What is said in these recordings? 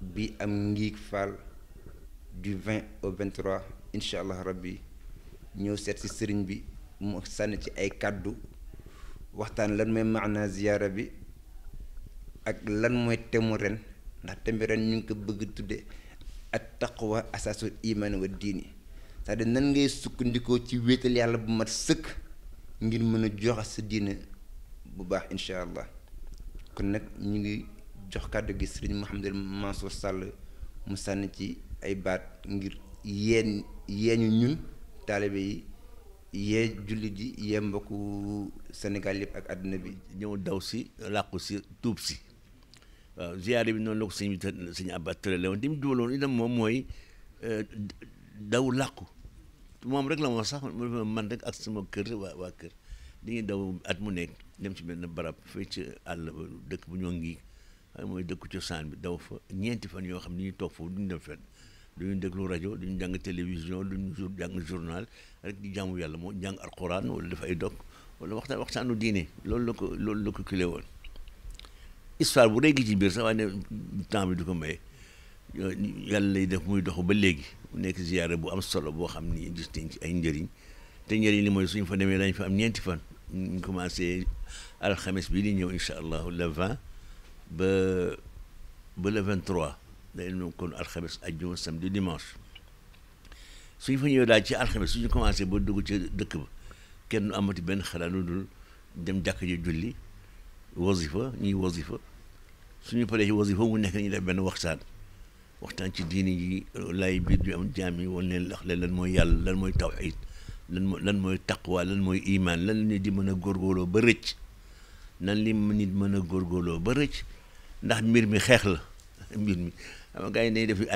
bi am ngiig faal du 20 au 23 incha allah rabbi ñëw seet si sëriñ bi mu sànni ci ay kàddu waxtaan lan mooy maanaa ziyaara bi ak lan mooy temu ren ndax temu ren ñu ngi ko bëgg tudde at taqwa asaasul imaan wa diini c'est-à-dire nan ngay sukkandikoo ci wéetal yàlla bu mat sëkk ngir mën a joxe sa diine bu baax incha kon nag ñu ngi jox kàddu gi sëriñ Mouhamadul Mansour Sall mu sànni ci ay baat ngir yeen yeeñu ñun taalibe yi yee jullit yi yee mbokku Sénégal yëpp ak àdduna bi ñëw daw si làqu si tuub si waaw ziyaare bi noonu la ko sëñ bi sëñ Abba tërale woon itam moom mooy euh, daw làqu moom rek la moo sax man rek ak sama kër waa waa kër di ñuy daw at mu nekk dem ci benn barab fay ci àll ba dëkk bu ñoo ngi xam mooy dëkku cosaan bi daw fa ñeenti fan yoo xam ni ñu toog foofu duñ dem fenn duñu déglu rajo duñu jàng télévision duñu jàng journal rek di jaamu yàlla moo jàng alquran wala def ay dog wala waxtaan waxtaanu diine loolu la ko loolu la ko kile woon histoire bu rëy gi ci biir sax waaye ne temps bi du ko maye yàlla lay def muy dox ba léegi mu nekk ziyaare bu am solo boo xam ni gis nañ ci ay njëriñ te njëriñ li mooy suñ fa demee dañ fa am ñeenti fan ñu commencé alxames bii di ñëw incha allahu le 20 ba ba le 23 day nu kon alxames ajjuma samedi dimanche suñ fa ñëwee daal ci alxames suñu commencé ba dugg ci dëkk ba kenn du amati benn xalaat lu dul dem jàkk ji julli wasifa ñuy wasifa suñu paree ci wasifa mu nekk ñu def benn waxtaan waxtaan ci diini yi lay biir ju am jaam yi wan leen lax leen lan mooy yàlla lan mooy tawhid lan mooy lan mooy taqwa lan mooy imaan lan la nit di mën a góorgóorloo ba nan li nit mën a góorgóorloo ba rëcc ndax mbir mi xeex la mbir mi xam nga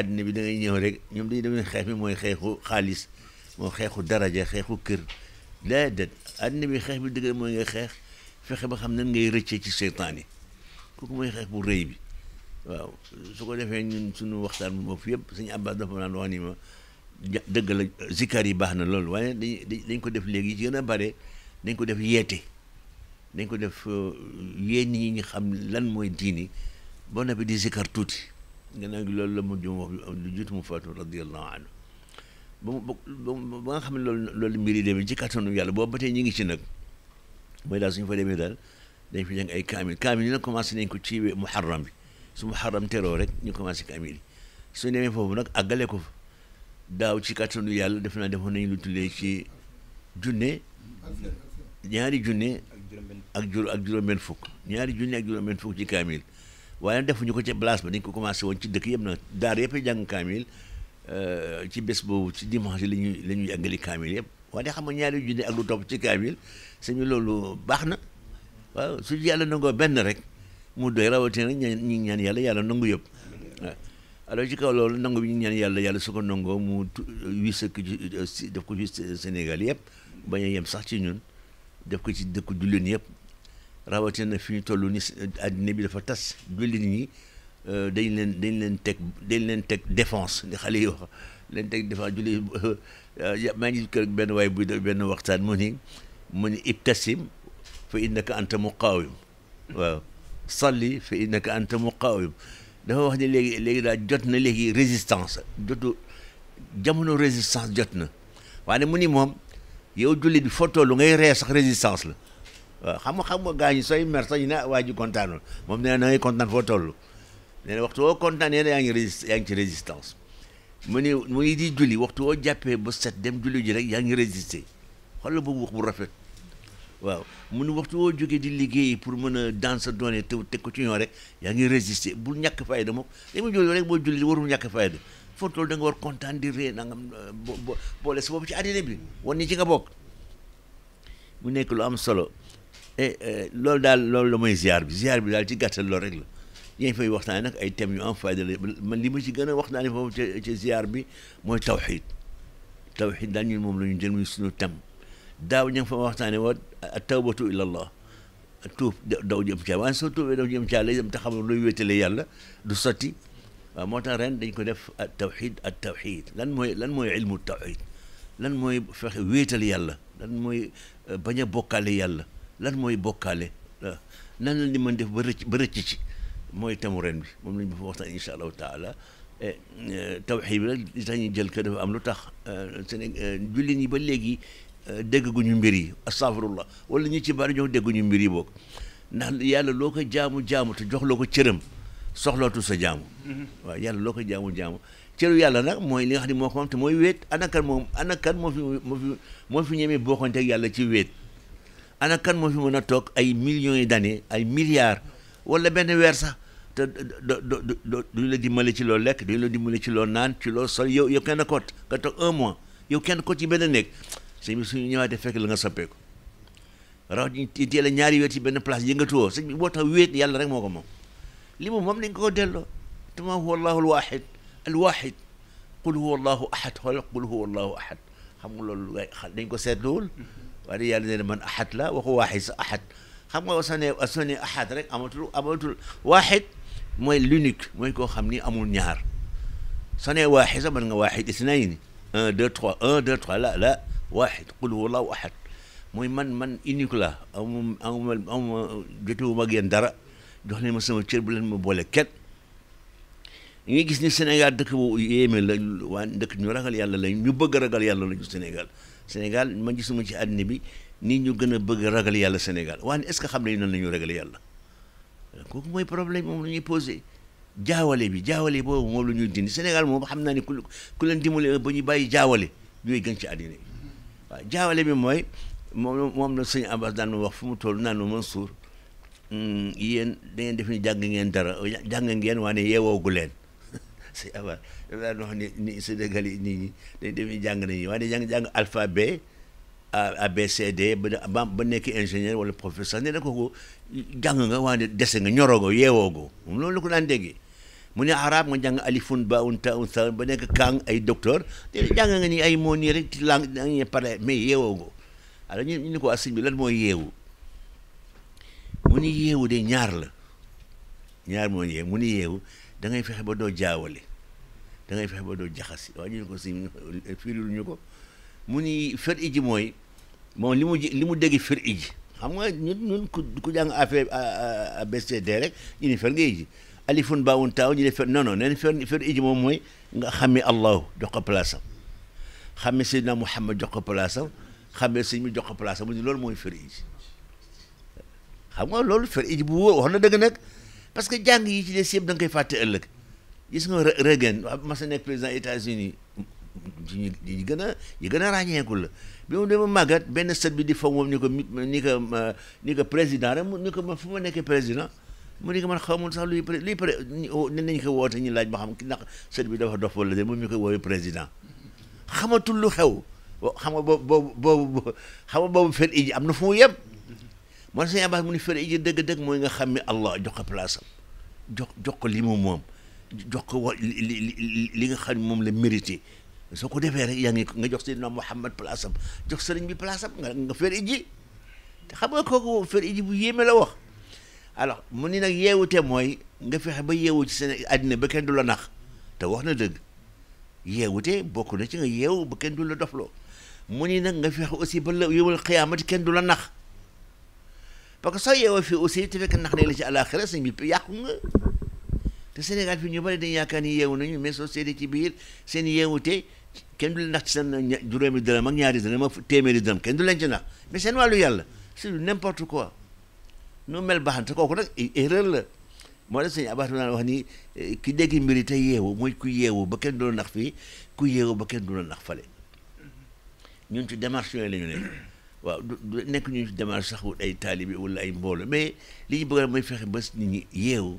àddina bi da ngay rek ñoom dañuy def xeex bi mooy xeexu xaalis moo xeexu daraja xeexu kër déedéet àddina bi xeex bi dëgg mooy nga xeex fexe ba xam nan ngay rëccee ci seytaan yi kooku mooy xeex bu rëy bi waaw su ko defee ñun suñu waxtaan bu bopp yëpp suñu abbas dafa naan wax ni ma dëgg la zikar yi baax na loolu waaye dañ dañ ko def léegi yi ci gën a bare dañ ko def yeete dañ ko def euh, yéen ñi ñu xam lan mooy diini ba noppi di sikar tuuti gannaaw gi loolu la mu jëm wax lu jiitu mu faatu radiyallahu anhu ba mu ba nga xam ne loolu loolu mbir yi demee ci kattanu yàlla boobu ba tey ñu ngi ci nag mooy daal suñu fa demee daal dañ fi jàng ay kaamil kaamil yi nag commencé nañ ko ci muharram bi su muharram teroo rek ñu commencé kaamil yi suñu demee foofu nag àggale ko fa daaw ci kattanu yàlla def naa defoon nañ lu tuddee ci junne ñaari junne ak juróom-benn fukk ñaari junne ak juróom-benn fukk ci kaamil waaye defuñu ko ca place ba dañ ko commencé woon ci dëkk yëpp nag daar yëpp jàng kaamil euh, ci bés boobu ci dimanche la ñuy la ñuy àggali kaamil yëpp waaye xam nga ñaari junne ak lu topp ci kaamil suñu loolu baax na su yàlla nangoo benn rek mu doy rawatina ñu ngi ñaan yàlla yàlla nangu yëpp alors ci loolu nangu bi ñu ñaan yàlla yàlla su ko nangoo mu wis ak def ko ci Sénégal yëpp bañ a sax ci ñun def ko ci dëkk jullit yëpp. rawatina fi ñu toll ni euh, àddina bi dafa tas jullit ñi euh, dañ leen dañ leen teg dañ leen teg défense ni xale yi wax leen teg défense jullit euh, maa ngi kër benn waay buy def benn waxtaan mu ni mu ni ibtasim fa innaka anta muqaawim waaw salli fa innaka anta muqaawim dafa wax ne léegi léegi daal jot na léegi résistance jotu jamono résistance jot na waaye mu ni moom yow jullit bi foo tollu ngay ree sax résistance la waaw xam nga xam nga gaañu sooy mer sax na ne waa ji kontaanul moom nee na ngay kontaan foo toll nee na waxtu woo kontaan yéen yaa ngi résist yaa mu ni mu ngi di julli waxtu woo jàppee ba set dem julli ji rek yaa ngi résister xoolal boobu wax bu rafet waaw mu ni waxtu woo jógee di liggéey pour mën a dans sa doone te teg ko ci ñoo rek yaa ngi résister bul ñàkk fayda moom da ma jóg rek warul ñàkk fayda foo toll da nga war kontaan di ree nangam boole sa boobu ci àddina bi wan ni ci nga bokk mu nekk lu am solo et eh, eh, loolu daal loolu la mooy ziar bi ziar bi daal ci gàttal loolu rek la ñu fay waxtaanee nag ay thèmes yu am fayda la man li ma ci gën a waxtaanee foofu ci ci ziar bi mooy tawxiid tawxiid daal ñun moom la ñu jël muy suñu thème daaw ña nga fa waxtaanee woon tawbatu ila allah tuub daw jëm caa waaye soo tuubee daw jëm caa lay dem te xam luy wéetale yàlla du sotti waaw moo tax ren dañ ko def at tawxiid at tawxiid lan mooy lan mooy ilmu tawxiid lan mooy fexe wéetal yàlla lan mooy eh, bañ a bokkaale yàlla. lan mooy bokkaale euh, nan la ni mën def ba rëcc ba rëcc ci mooy temu bi moom lañ bëgg waxtaan incha allahu taala euh, tawxiid bi li tax ñu jël ko am lu tax euh, Sénégal jullit ñi ba léegi dégguñu mbir yi astafirullah wala ñu ci bari ñoo dégguñu mbir yi boog ndax yàlla loo ko jaamu jaamu te jox loo ko cëram soxlootu sa jaamu. Mm-hmm. waaw yàlla loo ko jaamu jaamu. cëru yàlla nag mooy li nga xam ne moo ko moom te mooy moom moo fi moo fi moo fi ñemee bokkonte yàlla ci wéet. ana kan moo fi mën a toog ay million yi d'années ay milliards wala benn weer sax te do do do duñu la dimbale ci loo lekk duñu la dimbale ci lool naan ci loo sol yow yow kenn koot toog un mois yow kenn koot ci benn néeg sëñ bi suñu ñëwaatee fekk la soppeeku raw ñu teel a ñaari weet ci benn place yëngatuwoo sëñ bi boo tax weet yàlla rek moo ko moom li mu moom dañ ko delloo te ma huwa allahu alwahid alwahid qul huwa allahu ahad xoolal qul huwa allahu ahad xam nga loolu dañ ko seetluwul waaye yàlla nee man ahad la waxu waaxid sa ahad xam nga soo nee rek amatul amatul waaxid mooy l'unique mooy koo xam ni amul ñaar soo nee waaxid sa mën nga waaxid isnayni un deux trois un deux trois la la waaxid qul huwa allahu ahad mooy man man unique la amum amuma amuma jotewu mag yéen dara jox leen ma sama cër bu leen ma boole kenn ñu ngi gis ni Sénégal dëkk bu yéeme la waa dëkk ñu ragal yàlla lañ ñu bëgg ragal yàlla lañu Sénégal Sénégal ma gisuma ci àddina bi nii ñu gën a bëgg ragal yàlla Sénégal waaye est-ce que xam nañ noonu la ñu ragal yàlla kooku mooy problème moom la ñuy posé jaawale bi jaawale boobu moom lu ñu dindi Sénégal moom xam naa ne ku ku leen dimbale ba ñu bàyyi jaawale ñooy gën ci àddina bi jaawale bi mooy moom moom la sëñ Abbas daan wax fu mu toll naan Mansour hmm, yéen da ngeen def ni jàng ngeen dara jàng ngeen waa ne yeewoogu leen si awa daal loo xam ne ni Sénégal yi nit ñi dañ demee jàng nañu waaye dañu jàng alphabet A B C D ba ba nekk ingénieur wala professeur ne na kooku jàng wa waaye dese nga ñoroo yeewoo ko loolu la ko daan déggee mu ne arab nga jàng alifun baun taun saun ba nekk kàng ay docteur te jàng nga ni ay moo nii rek ci langue dañuy parler mais yeewoo ko alors ñu ko asib ah, bi lan mu ni yeewu de ñaar la ñaar mo yeewu da ngay fexe ba doo jaawale da ngay fexe ba doo jaxasi waaye ñu ko si firil ñu ko mu ni fir iji mooy moom li mu ji li mu dégg fir iji xam nga ñun ku jàng affaire ABCD rek ñu ni fir ngay ji alifun baawun taaw ñu ne fir non non nee fir fir iji moom mooy nga xamee allahu jox ko place am xamee Seydina jox ko place am xamee sëñ jox ko place mu ni loolu mooy fir iji xam nga loolu fir iji bu wóor wax na dëgg parce que jàng yi ci des yëpp da nga koy fàtte ëllëg gis nga Reagan mas a nekk président États-Unis ci ñi gën a ñi gën a ràññeekul la bi mu dema màggat benn sët bi di faw moom ni ko ni ko ni ko président rek mu ko ma fu ma nekkee président mu ni ko man xamul sax luy pré luy pré ne nañ ko woote ñu laaj ba xam ndax sët bi dafa dof wala de moom ñu ko président xamatul lu xew xam nga boobu boobu boobu xam nga boobu fet iji am na fu mu yem man sëñ Abbas mu ni fere iji dëgg-dëgg mooy nga xam ne Allah jox ko place am jox jox ko li mu moom jox ko wa li li nga xam moom la mérité soo ko defee rek yaa nga jox Seydina Muhammad place am jox sëriñ bi place nga nga fere iji te xam nga kooku fere iji bu yéeme la wax alors mu ni nag yeewute mooy nga fexe ba yeewu ci seen àddina ba kenn du la nax te wax na dëgg yeewute bokk na ci nga yeewu ba kenn du la dofloo mu ni nag nga fexe aussi ba la yowal xiyaamati kenn du la nax parce que soo yeewoo fii aussi te fekk nax ne la ci àllaaxira sëñ bi yàqu nga te Sénégal fii ñu bari dañu yaakaar ni yeewu nañu mais soo seetee ci biir seen yeewute kenn du leen nax ci seen juróomi dërëm ak ñaari dërëm ak téeméeri dërëm kenn du leen ci nax seen wàllu yàlla c'est n'importe quoi nu mel baax na kooku nag erreur la moo tax sëñ Abass naan wax ni ki dégg mbir yi te yeewu mooy ku yeewu ba kenn du la nax fii ku yeewu ba kenn du la nax fale ñun ci démarche yooyu la leen waaw du nekk ñu démarche sax wut ay taalibe wala ay mboolo mais li ñu bëgg mooy fexe bas nit ñi yeewu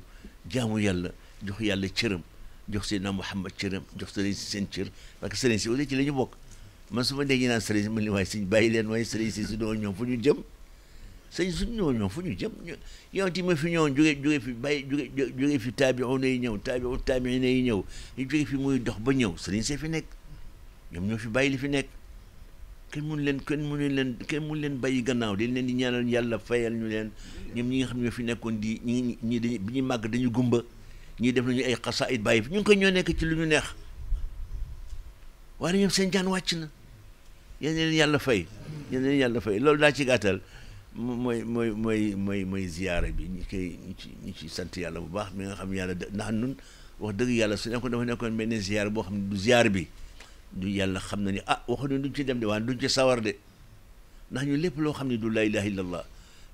jaamu yàlla jox yàlla cëram jox Seydina Muhammad cëram jox sëriñ si seen cër parce que sëriñ si aussi ci la ñu bokk ma déggee naan sëriñ si ma li waaye sëñ bàyyi leen waaye sëriñ si su doon ñoom ñu jëm sëñ suñ ñëw ñoom fu ñu jëm yow ti ma fi ñëwoon jóge jóge fi bàyyi jóge jóge fi taabi'u nay ñëw taabi'u taabi'u nay ñëw ñu jóge fi muy dox ba ñëw sëriñ see fi nekk ñoom ñoo fi bàyyi li fi nekk kenn mun leen kenn mun leen kenn mun leen bàyyi gannaaw di leen di ñaanal yàlla fayal ñu leen ñoom ñi nga xam ne ñoo fi nekkoon di ñi ñii dañuy bi ñuy màgg dañu gumba ñii def nañu ay xasaayit bàyyi fi ñu ngi koy ñoo nekk ci lu ñu neex waaye ñoom seen jaan wàcc na yéen leen yàlla fay yéen yàlla fay loolu daa ci gàttal mooy mooy mooy mooy mooy ziyaara bi ñu koy ñu ci ñu ci sant yàlla bu baax mi nga xam yàlla ndax nun wax dëgg yàlla su nekkoon dafa nekkoon benn ziyaara boo xam ne du ziyaar bi du yàlla xam na ni ah waxuñu duñ ci dem de waaye duñ ci sawar de ndax ñu lépp loo xam ne du la ilaha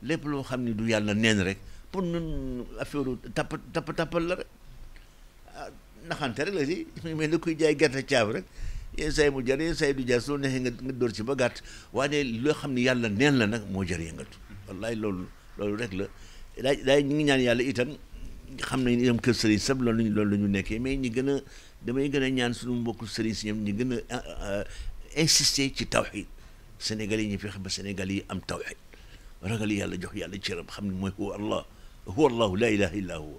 lépp loo xam ne du yàlla neen rek pour ñun affaire tapp tapp tappal la rek ah, naxante rek la si mais ni kuy jaay gerte caaf rek yenn saa yi mu du jar soo neexee nga nga dóor ci ba gàtt waaye loo xam ne yàlla neen la nag moo jar yëngatu loolu loolu rek la daay daay ñu ngi ñaan yàlla itam xam nañ itam kër sëriñ sab loolu la ñu nekkee mais gën a damay gën a ñaan suñu mbokku sëriñ si ñoom ñu gën a insister ci tawxid Sénégal yi ñu fexe ba Sénégal yi am tawxid ragal yàlla jox yàlla cëram xam ne mooy huwa allah huwa allahu la ilaha illa huwa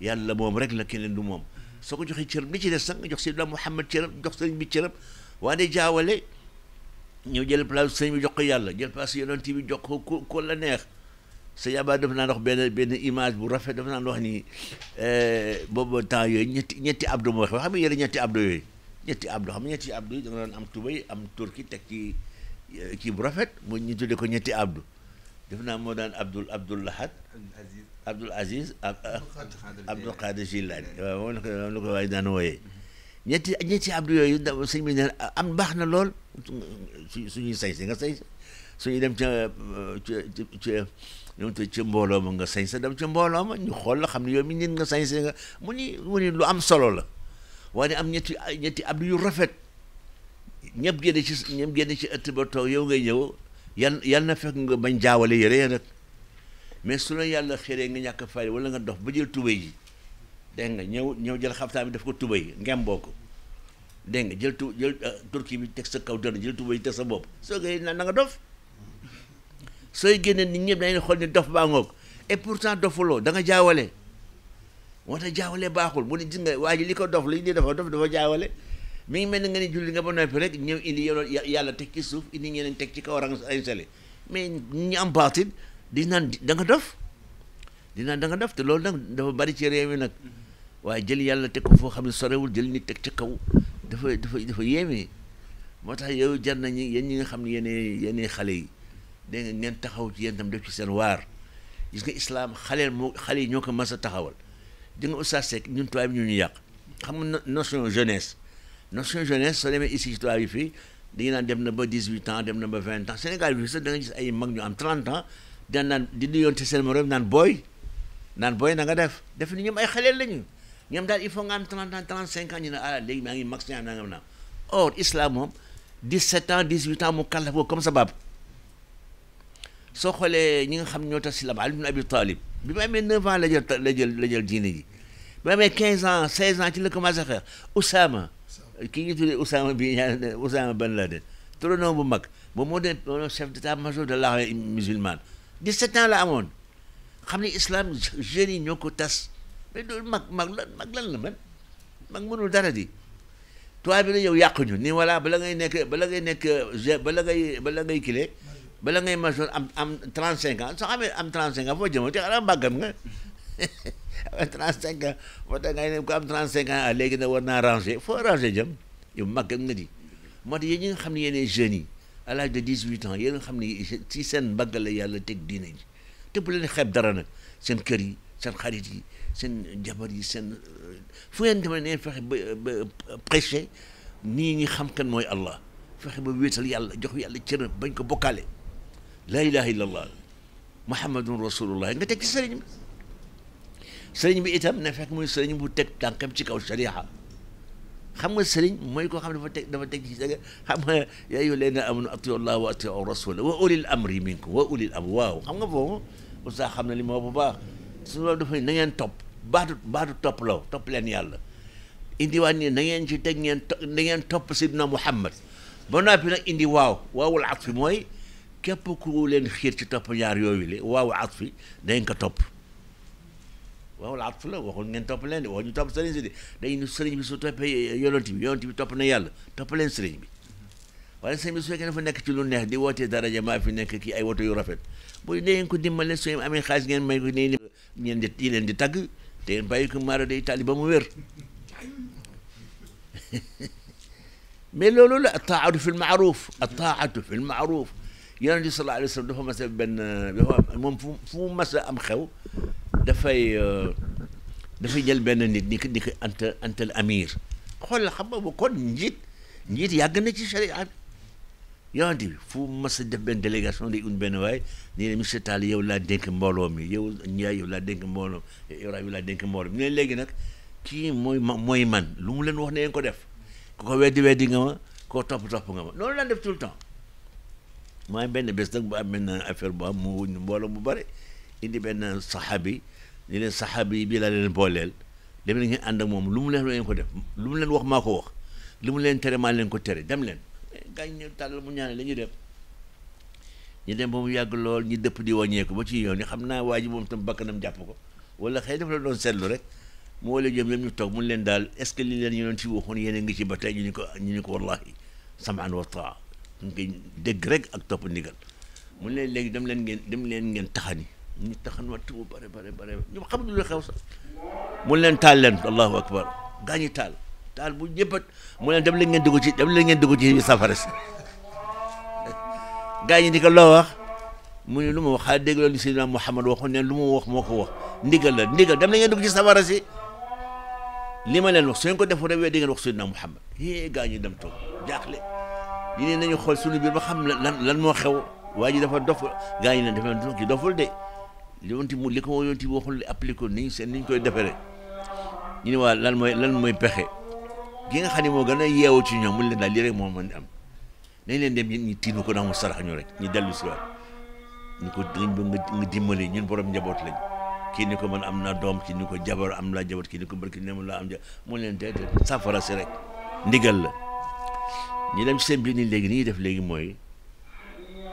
yàlla moom rek la keneen du moom soo ko joxee cëram li ci des sax nga jox Seydina Muhammad cëram jox sëriñ bi cëram waa de jaawale ñëw jël place sëriñ bi jox ko yàlla jël place yonent bi jox ko ko la neex sëñ Abba dafa naan wax benn benn image bu rafet dafa naan wax ni eh, boobu temps yooyu ñetti ñetti abdo moo xam xam nga yéen ñetti abdo yooyu ñetti abdo xam nga ñetti abdo yi da nga doon am tubay am turki teg ci eh, kii bu rafet mu ñu tuddee ko ñetti abdo defe naa moo daan Abdul Abdul Lahad Abdul Aziz ah, Abdul Qadir Jilaani waaw moom la ko moom la ko waaye daan wooyee ñetti ñetti abdo yooyu da sëñ bi ne am baax na lool su suñuy say si nga say suñuy dem ca eh, ca ca ñoom te ci mbooloo ma nga sa dem ci mbooloo ma ñu xool la xam ne yow mi nit nga sañse nga mu ni mu ni lu am solo la waaye am ñetti ñetti abdu yu rafet ñëpp génne ci ñëpp génne ci ëtt yow ngay ñëw yan yal na fekk nga bañ jaawale yére ya nag mais su la yàlla xëree nga ñàkk fay wala nga dox ba jël tubéy ji dégg nga ñëw ñëw jël xaftaan bi daf ko tubéy ngem boo ko dégg nga jël tu jël euh, turki bi teg sa kaw dënn jël tubéy ji teg sa bopp soo ngay na nga dof sooy génnee nit ñëpp dañuy xool ni dof baa ngoog et pourtant dofuloo danga jaawale moo tax jaawale baaxul mu ne gis nga ji li ko dof li ñu dafa dof dafa jaawale mi ngi mel ni nga ni julli nga ba noppi rek ñëw indi yolo yàlla teg ci suuf indi ñeneen teg ci kaw rang ay sale mais ñi am parti di naan da nga dof di naan da nga loolu nag dafa bari ci réew mi nag waaye jël yàlla teg foo xam ne sorewul jël nit teg ca kaw dafa dafa dafa yéeme moo tax yow jar nañu yéen ñi nga xam ne yéenay xale yi dégg nga ngeen taxaw ci yéen tam def ci seen waar gis nga islaam xaleel moo xale yi ñoo ko mas a taxawal di nga oustaz Seck ñun tubaab yi ñu ñu yàq xam nga notion jeunesse notion jeunesse soo demee ici ci tubaab yi fii di naan dem na ba dix huit ans dem na ba vingt ans Sénégal bi sax da nga ay mag ñu am trente ans daan naan di nuyoonte seen morom naan booy naan booy na nga def def ni ay xaleel lañu ñoom daal il faut nga am trente ans trente ñu ne ah maa ngi mag si naan nangam naa or islam moom dix sept ans dix huit ans mu kàlla foofu comme sabab soo xoolee ñi nga xam ñoo tax islam Ali ibn Abi Talib bi ma amee 9 ans la jël la jël la ji bi ma amee 15 ans 16 ans ci la commencé xeex Ousama kii ñu tuddee Ousama bi ñaan Ousama Ben Laden turanoo bu mag moom moo doon moo doon chef d'état-major de l'armée musulmane 17 ans la amoon xam ne islam jeunes yi ñoo ko tas mais loolu mag mag lan mag lan la man mag mënul dara di toit bi la yow yàquñu nii voilà bala ngay nekk bala ngay nekk bala ngay bala ngay kile bala ngay majeur am am trente cinq ans soo xamee am trente cinq ans foo jëmoo te xanaa mbàggam nga trente cinq ans moo tax ngay ne ko am trente cinq ans léegi nag war naa ranger foo ranger jëm yow màggam nga di moo tax yéen ñi nga xam ne yéenay jeunes yi à l'âge de dix huit ans yéen nga xam ne ci seen mbagg la yàlla teg diine ji te bu leen xeeb dara nag seen kër yi seen xarit yi seen jabar yi seen fu ngeen demee neen fexe ba ba prêcher nii ñi xam kan mooy Allah fexe ba wéetal yàlla jox yàlla cër bañ ko bokkaale laa ilaha illa allah muhammadun rasulullah nga teg ci sëriñ bi sëriñ bi itam na fekk muy sëriñ bu teg tànkam ci kaw shari'a xam nga sëriñ mooy koo xam ne dafa teg dafa teg ci dëgg xam nga yaa ayyuha alladina amanu atiu llah wa atiu rasul wa ulil amri minkum wa ulil amri waaw xam nga boobu oustaz xam na li moo bu baax suñu loolu dafa na ngeen topp baatu baatu topp law topp leen yàlla indiwaat ni na ngeen ci teg ngeen na ngeen topp sidna Muhammad ba noppi nag indi waaw waawul atfi mooy képp ku leen xiir ci topp ñaar yooyu le waaw at fi dañ ko topp waaw a at fi la waxoon ngeen topp leen de waxoon ñu topp sëriñ si de bi su toppee yonent bi yonent bi topp na yàlla topp leen sëriñ bi waaye sëriñ bi su fekkee dafa nekk ci lu neex di wootee daraja maa fi nekk kii ay woto yu rafet bu dee ko dimbale su amee xaalis ngeen may ko ne ngeen di yi leen di tagg te ngeen bàyyi tali ba mu wér mais loolu la ataatu fi l maaruf ataatu yonent di sallallahu alayhi wa sallam dafa mas a benn moom fu fu mu mas a am xew dafay euh, dafay jël benn nit ni ko ni ko anta amir xool la xam nga bu kon njiit njiit yàgg na ci sharia yonent bi fu mu mas def benn délégation day un benn waay nii ne monsieur Tall yow laa dénk mbooloo mi yow Ndiaye yow laa dénk mbooloo Ibrahima yow laa dénk mbooloo mi léegi nag kii mooy ma mooy man lu mu leen wax ne ngeen ko def ku ko weddi weddi nga ma koo topp topp nga ma loolu laa def tout temps maaye benn bés nag bu am benn affaire bu am mu wuñ mbooloo mu bëri indi benn saxaabi ñu leen saxaabi bii laa leen booleel dem leen ngeen ànd ak moom lu mu leen leen ko def lu leen wax maa ko wax lu mu leen tere maa leen ko tere dem leen eh, gaañ ñu tàll mu ñaane la ñu dem ñu dem ba mu yàgg lool ñu dëpp di wàññeeku ba ci yoon yi xam naa waa ji moom tam bakkanam jàpp ko wala xëy dafa la doon seetlu rek mu wala jëm yam ñu toog mun leen daal est ce que leen ñu doon ci waxoon yéen a ngi ci ba tey ñu ni ko ñu ni ko wallahi sam'an wa taa nga dégg rek ak topp ndigal mu ne léegi dem leen ngeen dem leen ngeen taxani ñu taxan waxtu bu bare bare bare ñu xam lu xew sax mu leen taal leen allahu akbar gaa ñi taal taal bu ñëppat mu leen dem leen ngeen dugg ci dem leen ngeen dugg ci safara si gaa ñi ni ko loo wax mu ne lu ma wax xaa dégg loolu Seydina Muhammad ne lu ma wax moo ko wax ndigal la ndigal dem leen ngeen dugg ci safara si li ma leen wax su ngeen ko defu rek di ngeen wax Seydina dem toog jaaxle ñu nañu xool suñu biir ba xam lan lan moo xew waa ji dafa dof gaa yi ne dafa doon ci doful de li wonti mu li ko yonti bi waxul appliqué nañ seen niñ koy defaree ñu ne waa lan mooy lan mooy pexe gi nga ne moo gën a yeewu ci ñoom mu leen daal rek moo mën am leen dem yéen ñu tiinu ko ndax mu sarax ñu rek ñu dellu si waat ñu ko dañ ba nga dimbali ñun borom njaboot lañ kii ni ko man am na doom kii ni ko jabar am laa jabar kii ni ko barki ne mu laa am ja mu leen tee safara si rek ndigal la ñi dem ci seen biir nii léegi ni ñuy def léegi mooy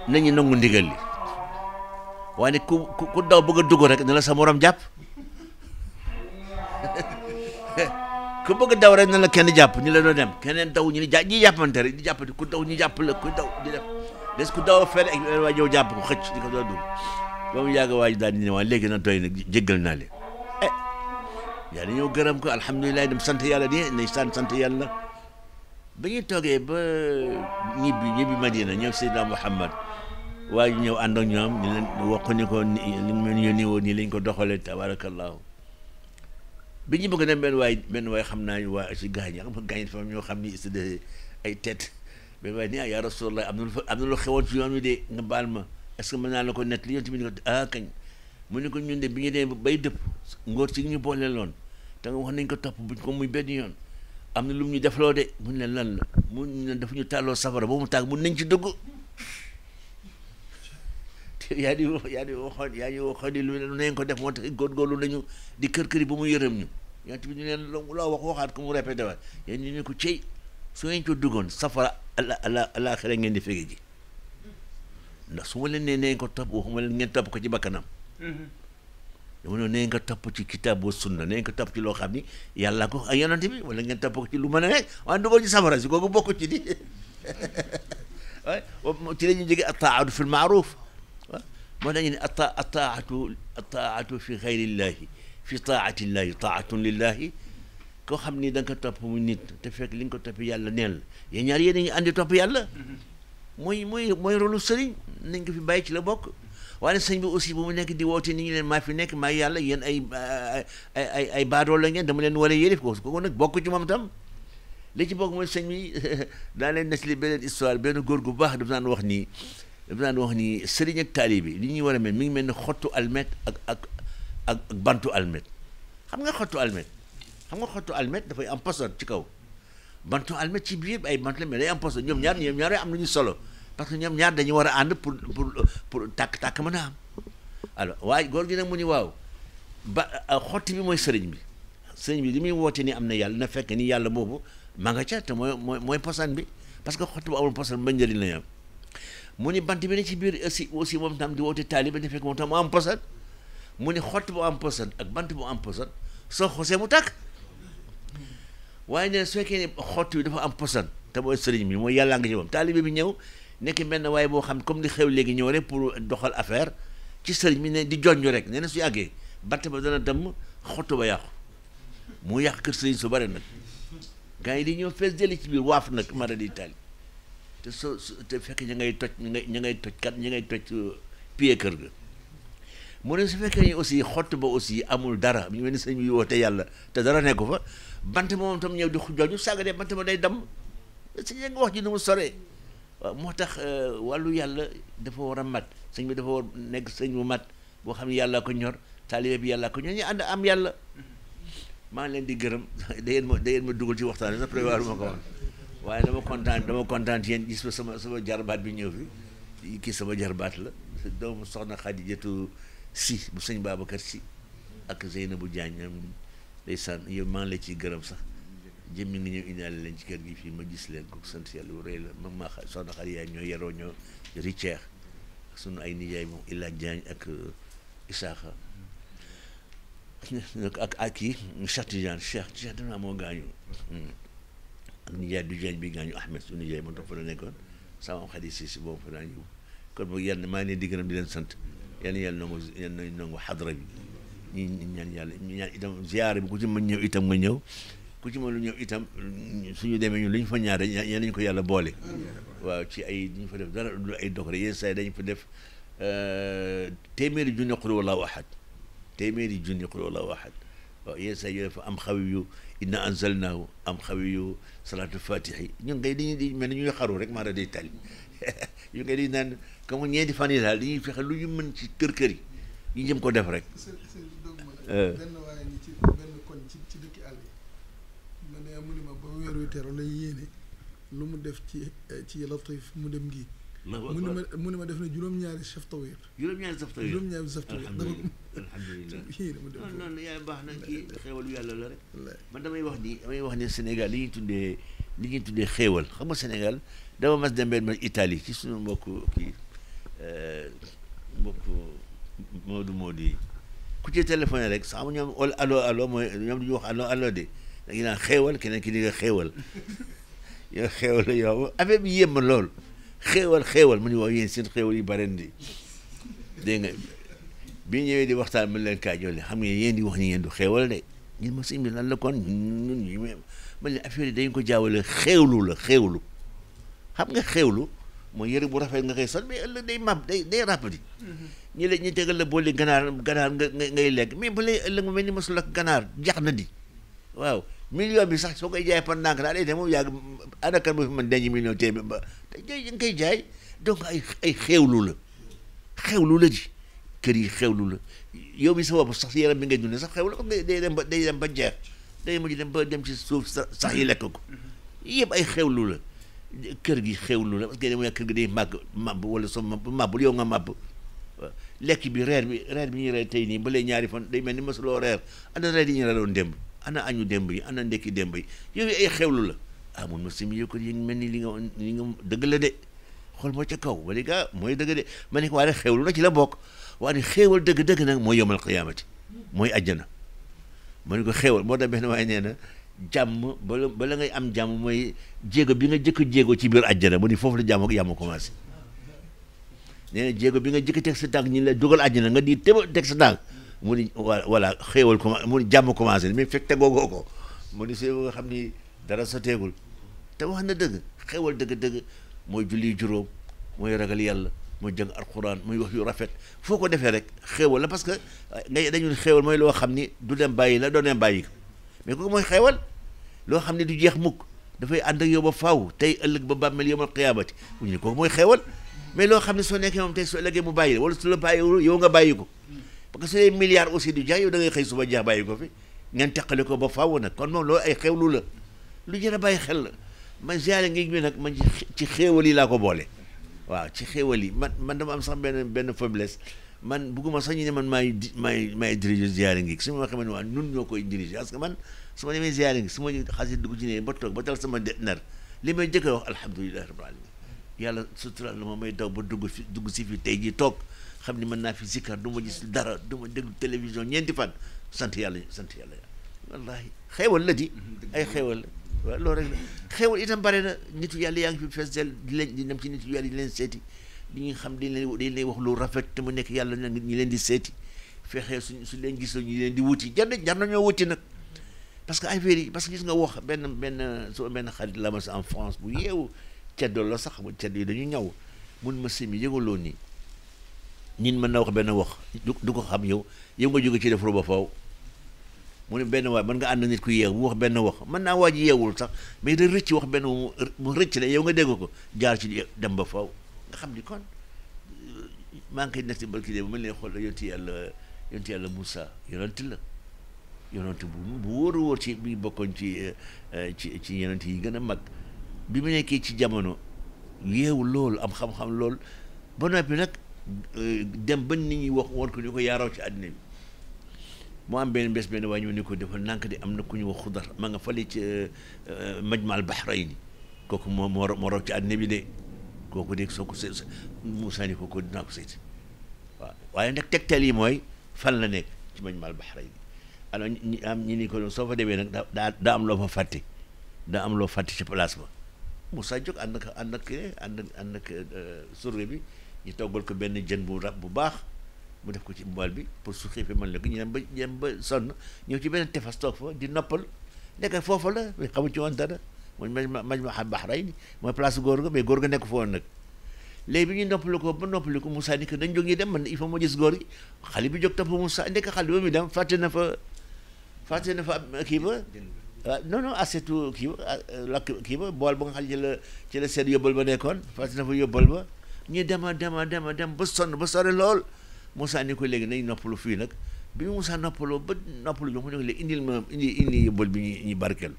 nañu nangu ndigal li waaye ku ku daw bëgg a dugg rek ne la sa morom jàpp ku bëgg daw rek ne la kenn jàpp ñi la doon dem keneen daw ñu ni jà ñi jàppante rek di jàppante ku daw ñu jàpp la ku daw di def des ku daw fenn ak waa ñëw jàpp ko xëcc di ko doon dugg ba mu yàgg waa ji daal di ne waa léegi nag doy na jéggal naa leen eh yaa dañoo gërëm ko alhamdulilah dem sant yàlla di nañ sant sant yàlla bi ñu toogee ba ñibbi ñibbi Madina ñoom Seydina Muhammad waaye ñëw ànd ak ñoom ñu leen wax ko ni ko li mu yónnee woon nii lañ ko doxalee tabaarakallaahu bi ñu bëgg nag benn waay benn waay xam naa waa si gaañ xam nga gaañ fam ñoo xam ni c'est des ay tet benn waaye ni ah yaa rasulallah am na lu fa am na lu xewoon ci yoon wi de nga baal ma est-ce mën naa la ko nett li yoon tamit ni ko ah kañ mu ne ko ñu de bi ñu dee bay dëpp ngoor si ñu boole loon te wax nañ ko topp buñ ko muy benn yoon am na lu mu def defloo de mu ne lan la mu ne def ñu tàlloo safara ba mu tàgg mun nañ ci dugg yaa di yaa di waxoon yaa di waxoon ni lu neen ko def moo tax góorgóorlu nañu di kër kër ba mu yërëm ñu yonent bi ñu leen loo wax waxaat ko mu répété waat yéen ñu ne ko cey su ngeen ko duggoon safara ala ala alaxira ngeen di fege ji ndax su ma leen nee nee ko topp waxuma leen ngeen topp ko ci bakkanam mm-hmm. dama ne nee nga topp ci kitaab wa sunna nee nga topp ci loo xam ni yàlla ko ak yonante bi wala ngeen topp ko ci lu mën a nekk waaye dugal ci safara si kooku bokk ci di ci la ñuy jógee attaatu fi lmaaruf wa moo tax ñu ne ata attaatu attaatu fi xayrillahi fi taatillahi taatun lillahi koo xam ni da nga ko topp mu nit te fekk li nga ko topp yàlla neen la yéen ñaar yéen a ngi àndi topp yàlla mooy mm-hmm. mooy mooy rôlu sëriñ nañ ko fi bàyyi ci la bokk waaye sëñ bi aussi bu mu nekk di woote ni ñu leen maa fi nekk maa yàlla yéen ay ay ay ay baadoo la ngeen dama leen war a yëlif ko kooku nag bokk ci moom tam li ci bokk mooy sëñ bi daa leen nettali beneen histoire benn góor gu baax dafa naan wax nii dafa naan wax nii sëriñ ak taalibe li ñuy war a mel mi ngi mel ni xottu almet ak ak ak bantu almet xam nga xottu almet xam nga xottu almet dafay am poson ci kaw bantu almet ci biir ay bant la mais day am ñoom ñaar ñoom ñaar am nañu solo parce que ñoom ñaar dañu war a ànd pour pour pour tàkk-tàkk mën a am waaye góor gi nag mu ni waaw ba euh, xotti bi mooy sëriñ bi sëriñ bi li muy woote ni am na yàlla na fekk ni yàlla boobu ma nga ca te mooy mooy mooy bi parce que xotti bu amul posan ba njëriñ la am mu ni bant ci biir aussi aussi moom tam di woote taaliba ne fekk moom tam mu am posan mu ni xotti bu am posan ak bant bu am posan soo xosee mu takk waaye ne su fekkee ne xotti bi dafa am posan te mooy sëriñ bi mooy yàllaa nga ci moom taaliba bi ñëw nekk mel na waaye boo xam comme li xew léegi ñëw rek pour doxal affaire ci sëriñ bi ne di jonju rek nee na su yàggee batt ba dana dem xottu ba yàqu mu yàq kër su bari nag gars yi di ñëw fees deli ci biir nag mara di te soo te ña ngay toj ña ngay ña ngay toj kat ña ngay toj uh, pied kër ga mu su fekkee ni aussi xott ba aussi amul dara ñu mel ni sëñ bi woote yàlla te dara nekku fa bant moom tam ñëw di joju saaga de bant ma day dam si nga wax ji nu mu soree moo tax euh, wàllu yàlla dafa war a mat sëñ bi dafa war nekk sëñ bu mat boo xam ne yàllaa ko ñor taalibe bi yàllaa ko ñor ñu ànd am yàlla maa ngi leen di gërëm da ngeen ma da dugal ci waxtaan bi sax prévoir ma ko woon dama kontaan dama kontaan yéen gis ba sama jarbaat bi ñëw fi kii sama jarbaat la doomu soxna Xadijatu Si bu sëñ Babacar Si ak Zeynabu Jaañ ñoom ndeysaan yow maa ngi la ciy gërëm sax jëmmi nga ñëw indaale leen ci kër gi fii ma gis leen kooku sant yàlla bu rëy la moom maa soxna xar yaay ñoo yaroo ñoo Richard ak sunu ay nijaay moom Ila Diagne ak uh, Isaaxa ak ak kii Cheikh Tidiane Cheikh Cheikh dana moo gaañu hmm. ak nijaay du Diagne bi gaañu Ahmed su nijaay ma topp la nekkoon sama am xadis si si boobu fa daan kon boog yàlla maa ngi leen di gërëm di leen sant yal na yàlla nangu yal na nangu xadra bi ñi ñaan itam nga ñëw ku ci mën lu ñëw itam suñu demee ñun li ñu fa ñaare yal nañu ko yàlla boole. waaw ci ay ñu fa def dara lu ay dog dañu fa def euh, téeméeri junni qul wallahu ahad téeméeri junni qul wallahu ahad waaw yenn saa yi dafa am xawiyu inna anzalnahu am xawiyu salaatul fatihi ñun ngay dañuy di mel ni ñuy xaru rek maanaam day tali ñu ngay di naan comme ñeenti fan yi daal dañuy fexe lu ñu mën ci kër kër yi ñu jëm ko def rek. weeru teeru lay yéene lu mu def ci eh, ci latif mu dem ngi mu ne ma mu ne ma def na juróom-ñaari chef tawir juróom-ñaari chef tawir juróom-ñaari chef tawir alhamdulilah non non yaay baax na kii xéewalu yàlla la rek man damay wax ni damay wax ne Sénégal li ñuy tuddee li ñuy tuddee xéewal xam nga Sénégal dama mas dem benn Italie ci suñu mbokku kii eh, mbokku Maodo Maodo yi ku ci téléphoné rek sax am ñoom allo allo mooy ñoom du ñu wax allo allo de dañu naan xéewal keneen ki di nga xéewal yow xéewal la yow affaire bi yéem ma lool xéewal xéewal mu ñu wax yéen seen xéewal yi baren di dégg nga bi ñëwee di waxtaan mën leen kaa jolle xam ngeen yéen di wax ni yéen du xéewal de ñun ma sëñ bi lan la kon ñun ñu man leen affaire yi dañ ko jaawale xéewlu la xéewlu xam nga xéewlu mooy yëre bu rafet nga koy sol mais ëllëg day mab day day ràppali ñu la ñu tegal la boole ganaar ganaar nga ngay lekk mais ba lay ëllëg mu mel ni mosul ak ganaar jax na di waaw million bi sax soo koy jaay par ndànk daal day moom yàgg ana kan moo fi mën denc million téeméer ba te nga koy jaay donc ay xew lu la xeewlu la ji kër yi xeewlu la yow bi sa bopp sax si yaram bi ngay dundee sax xeewlu ko day dem ba day dem ba jeex day mujj dem ba dem ci suuf sax yi lekk ko ay xeewlu la kër gi xeewlu la parce que day dem kër gi day màgg màbb wala soo màbbul yow nga màbb lekk bi reer bi reer bi ñu reer tey nii ba ñaari fan day mel ni mosuloo reer ana reer yi ñu reeroon démb ana añu démb yi ana ndekki démb yi yooyu ay xewlu la ah mun ma simi yokkut yi mel ni li nga li nga la de xool moo ca kaw ma ne ah mooy dëgg de ma ne ko waaye xewlu na ci la bokk waaye xewal dëgg-dëgg nag mooy yomal xiyaamati mooy àjjana ma ne ko xewal moo tax benn waaye nee na jàmm bala bala ngay am jàmm mooy jéego bi nga jëkk jéego ci biir àjjana mu ni foofu la jàmm ak yàmm commencé nee na jéego bi nga jëkk teg sa tànk ñi la mu ni voilà xéewal commencé mu jàmm commencé mais fekk tegoogoo ko mu ni si nga xam ni dara soteegul te wax na dëgg xéewal dëgg-dëgg mooy julli juróom mooy ragal yàlla mooy jàng alquran mooy wax yu rafet foo ko defee rek xéewal la parce que ngay dañu xéewal mooy loo xam ni du dem bàyyi la doo bàyyi mais kooku mooy xéewal loo xam ni du jeex mukk dafay ànd ak yow ba faaw tey ëllëg ba bàmmeel yawmal qiyaamati ñu ne mooy xéewal mais loo xam ne soo nekkee moom tey soo ëllëgee mu bàyyi la wala su la bàyyi yow nga bàyyi ko parce que su dee milliards aussi du jeex yow da ngay xëy suba jeex bàyyi ko fi ngeen teqale ko ba faaw nag kon moom loolu ay xewlu la lu jar a xel la man ziare ngi mi nag man ci xéewal yi laa ko boole waaw ci xéewal yi man man dama am sax benn benn faiblesse man bugguma sax ñu ne man maay di maay maay dirige ziare ngi ma nun ñoo koy dirige parce que man su ma demee ziare ngi su ma xasee dugg ci ne ba toog ba tal sama li ma jëkk a wax alhamdulilah rabbil alamin yàlla sutural lu ma may daw ba dugg fi dugg si fi tey jii toog xam ni mën naa fi zikkar du ma gis dara du ma déglu télévision ñeenti fan sant yàlla sant yàlla wallahi xeewal la di ay xeewal la waaw loolu rek la xeewal itam bare na nitu yàlla yaa ngi fi fees del di leen di dem ci nitu yàlla di leen seeti di nga xam dañ leen dañ wax lu rafet te mu nekk yàlla na ñi leen di seeti fexee suñ suñ leen gis ñu leen di wuti jar na ñoo nañoo wuti nag parce que affaire yi parce que gis nga wax benn benn soo benn xarit la ma en France bu yeewu ceddo la sax ba cedd yi dañu ñaw mun ma simi yëgaloo nii ñin mën na wax benn wax du ko xam yow yow nga jóge ci defaru ba faw mu ne benn waay mën nga ànd nit ku yeew bu wax benn wax man naa waa ji yeewul sax mais da rëcc wax benn mu rëcc la yow nga dégg ko jaar ci dem ba faw nga xam ni kon maa ngi koy nekk barki dee ba xool la yonti yàlla yonti yàlla Moussa yonent la yonent bu bu wóor a ci bi bokkoon ci eh, eh, ci ci yonent yi gën a mag bi mu nekkee ci jamono yeewu loolu am xam-xam loolu ba noppi nag euh, dem ba nit ñi wax woon ko ni ko yaaraw ci àddina bi mu am benn bés benn waa ñu ne ko dafa nànk di am na ku ñu wax xudar ma nga fale ci euh, euh, majmal bahrayni kooku moo moo moo ci àddina bi kooku de soo ko see Moussa ko ko dinaa ko seet waaw waaye nag tegtal yi mooy fan la nekk ci majmal bahrayni alors ñi am ñi ni ko soo fa demee nag daa am loo fa fàtte da am loo fàtte ci place Moussa Diop ànd ak ànd ak kii ak ànd ak euh, bi ñu toggal ko benn jën bu rab bu baax mu def ko ci mbaal bi pour su xiifee mën lekk ñu dem ba ñu dem ba sonn ñëw ci benn tefas toog fa di noppal nekk foofa la xamu ci woon dara mooy maj maj ma xam Bahrayn mooy place góor ga mais góor ga nekk fa woon nag léegi bi ñu noppali ko ba noppali ko Moussa ni que dañ jóg ñi dem man il faut ma gis góor gi xale bi jóg topp Moussa ndekk xale ba mi dem fàtte na fa fàtte na fa kii ba waaw euh, non non asetu ah, kii ba ah, euh, lakk kii ba bool ba nga xam ne ci la ci yóbbal ba nekkoon fas na fa yóbbal ba ñu dema dema dema dem ba sonn ba sore lool Moussa ni ko léegi nañ noppalu fii nag bi Moussa noppaloo ba noppalu bi mu ne indil indi yóbbal bi ñu ñu barkeel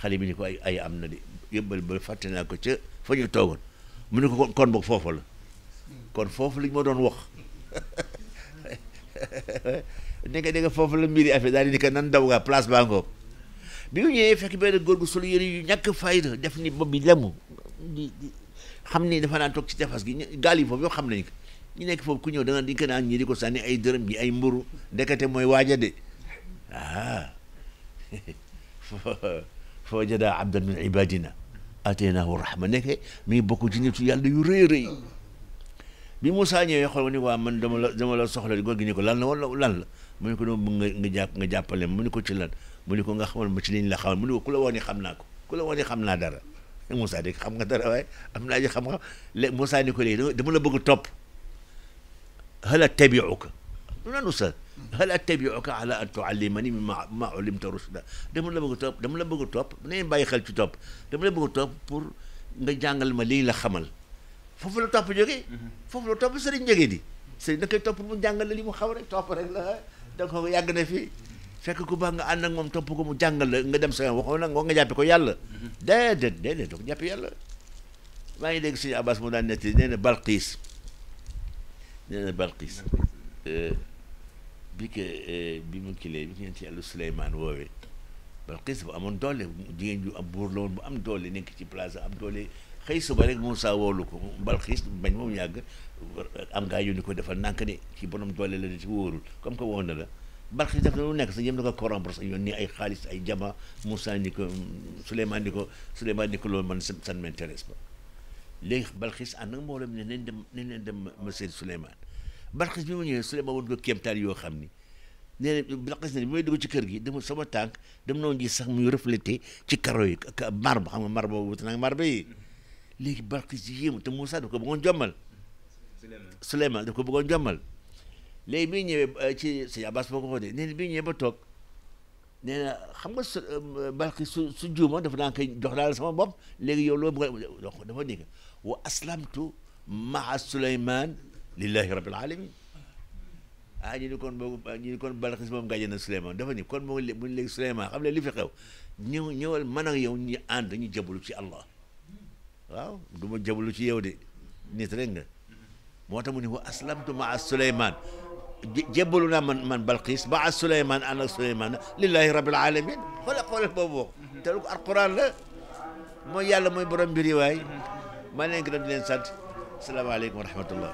xale bi ni ay am na de yóbbal fàtte naa ko ca fa ñu toogoon mu ne ko kon boog foofa la foofu lañ ma doon wax dégg nga dégg la mbiri affaire daal di ni nan daw ngaa place baa bi mu ñëwee fekk benn góor gu sol yëre yu ñàkk fayda def ni bopp bi lemu di di xam ni dafa naan toog ci tefas gi gaal yi foofu yoo xam nañ ko ñu nekk foofu ku ñëw da di ko naan ñii di ko sànni ay dërëm yi ay mburu ndekete mooy waaja de ah fa wajada abdan min ibadina ateenaahu rahma nekke mi ngi bokk ci nitu yu rëy rëy bi Moussa ñëwee xool ni waa man dama la soxla góor gi ni ko lan la wala lan la mu ne ko doon bëgg nga nga jàpp nga jàppale mu ne ko ci lan mu ni ko nga xamal ma la xamal mu ni ko ku xam naa ko ku la naa dara eh, Moussa di xam nga dara waaye am naa ji xam-xam léegi Moussa ni ko léegi dama la bëgg topp hal attabi'uka noonu la Oustaz hal attabi'uka ala an tu'allimani mimma ma ullimta rushda dama la bëgg topp dama la bëgg topp nañ bàyyi xel ci topp dama la bëgg topp pour nga jàngal ma lii la xamal foofu la topp jógee mm-hmm. foofu la topp sëriñ jógee di sëriñ da koy topp mu jàngal la li mu xam rek topp rek la da ko yàgg na fekk ku baax nga ànd ak moom topp ko mu jàngal la nga dem sa waxoon nag wax nga jàppe ko yàlla déedéet déedéet doo yàlla maa ngi dégg suñu abbas mu nee na balqiis nee euh, bi que euh, bi mu kilee bi ngeen ci yàlla Suleymaan woowee balqiis bu amoon doole jigéen ju am buur la woon bu am doole ki ci place am doole xëy suba rek Moussa woolu ko balxiis bañ moom yàgg am ngaa yónni ko defal nànk ne ci borom doole la di ci wóorul comme que woon na la Balkis def na lu nekk sa yëm da ko corrompre sa yónni ay xaalis ay jama Moussa ni ko Souleymane ni ko Souleymane ni ko loolu man ça ne m'intéresse pas léegi Balkis ànd ak mbooloo mi ne nañ dem nañ leen dem monsieur Souleymane Balkis bi mu ñëwee Souleymane woon ko kéemtaal yoo xam ni nee na Balkis ne bi may dugg ci kër gi dama sama tànk dem noonu ji sax muy reflété ci karo yi marbre xam nga marbre wut na marbre yi léegi Balkis yéemu te Moussa daf ko bëggoon jommal Souleymane daf ko bëggoon jommal léegi bi ñëwee euh, ci sëñ Abbas moo ko wax de nee ba toog xam nga su euh, su su juuma dafa naa koy jox daal sama bopp léegi yow loo bëgg a donc dafa dégg wa aslamtu maa Suleymaan lillahi rabbil alamin ah ñu ni kon boobu ñu ni kon Balqis moom gàjje na Suleymaan dafa ni kon moom bu ñu léegi Suleymaan xam ne li fi xew ñëw ñëwal man ak yow ñu ànd ñu jabalu ci Allah waaw du ma ci yow de ni rek nga moo tax mu ne wa aslamtu maa Suleymaan jébbalu naa man man Balqis ba a Souleymane ànd ak Souleymane lillahi rabbil alamin xoola xoolal boobu mhm. te lu ko alquran la mooy yàlla mooy borom mbir yi waay mhm. maa leen gërëm di leen sant salaamaaleykum wa rahmatullah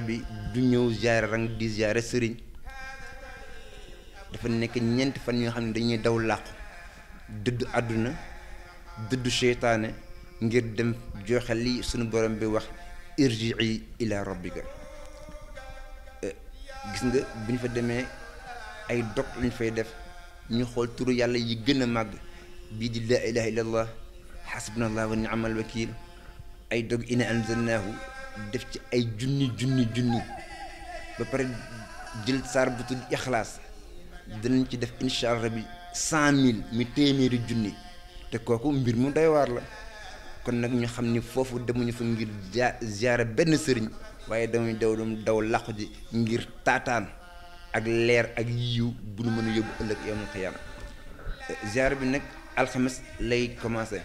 bi du ñëw ziyaara rang di ziyaara sëriñ dafa nekk ñeent fan yoo xam ne dañuy daw làqu dëdd àdduna dëdd seytaane ngir dem joxe li suñu borom bi wax irji'i ila rabbika euh, gis nga bi ñu fa demee ay dog lañ fay def ñu xool turu yàlla yi gën a màgg bii di laa ilaha illa allah xasbunallah wa ni'mal wakil ay dog ina anzalnaahu def ci ay junni junni junni ba pare jël saar bu tudd ixlaas dinañ ci def incha allah bi cent mille mi téeméeri junni te kooku mbir mu doy waar la kon nag ñu xam ni foofu demuñu fa ngir ja benn sëriñ waaye damuy daw daw làqu ji ngir taataan ak leer ak yiw bu nu mën a yóbbu ëllëg yow xiyam ziyaara bi nag alxames lay commencé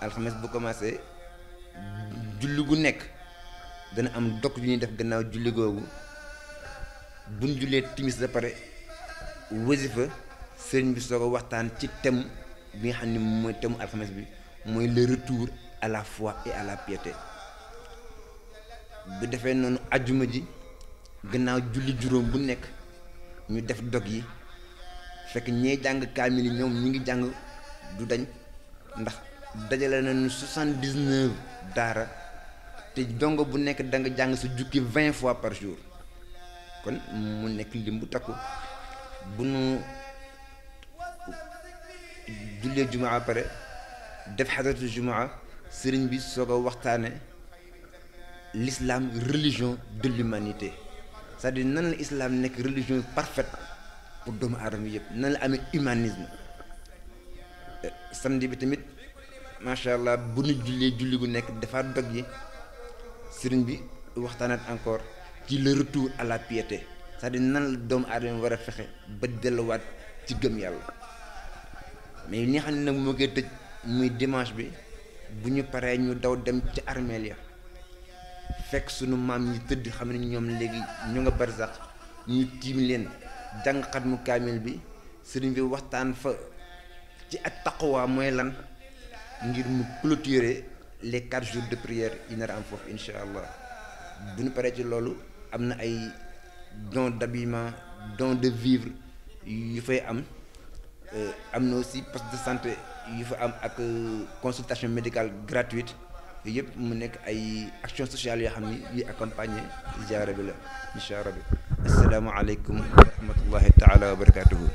alxames bu commencé. julli gu nekk dana am dokk yu ñuy def gannaaw julli googu buñ jullee timis da pare wasifa sëriñ bi soo ko waxtaan ci thème bi nga xam ne mooy thème alxames bi mooy le retour à la foi et à la piété bu defee noonu ajuma ji gannaaw julli juróom bu nekk ñu def dog yi fekk ñee jàng kaamil yi ñoom ñu ngi jàng du dañ ndax dajale na soixante daara te dongo bu nekk da nga jàng sa jukki vingt fois par jour kon mu nekk lim bu takku bu nu jullee jumaa pare def xadratu jumaa sëriñ bi soog a waxtaane l'islam religion de l'humanité cest dire nan la nekk religion parfet pour doomu aadama yëpp nan la amee humanisme euh, samedi bi tamit macha allah bu nu jullee julli gu nekk dafa dog yi sëriñ bi waxtaanaat encore ci le retour à la piété c'est-à-dire nan la doomu aadama war a fexe ba delluwaat ci gëm yàlla mais li nga xam ne nag moo koy tëj muy dimanche bi bu ñu paree ñu daw dem ci armeel ya fekk sunu maam ñu tëdd xam ne ñoom léegi ñu nga barsax ñu tiim leen jàng xatmu kaamil bi sëriñ bi waxtaan fa ci at taqwa mooy lan ngir mu clôturer les quatre jours de prière une heure am foofu incha allah bu ñu paree ci loolu am na ay don d'habillement don de vivre yu fay am euh, am na aussi poste de santé yu fa am ak euh, consultation médicale gratuite yëpp mu nekk ay action sociale yoo xam ni yuy accompagner ziara bi la incha rabbi asalaamaaleykum wa rahmatullahi taala wa barakatuhu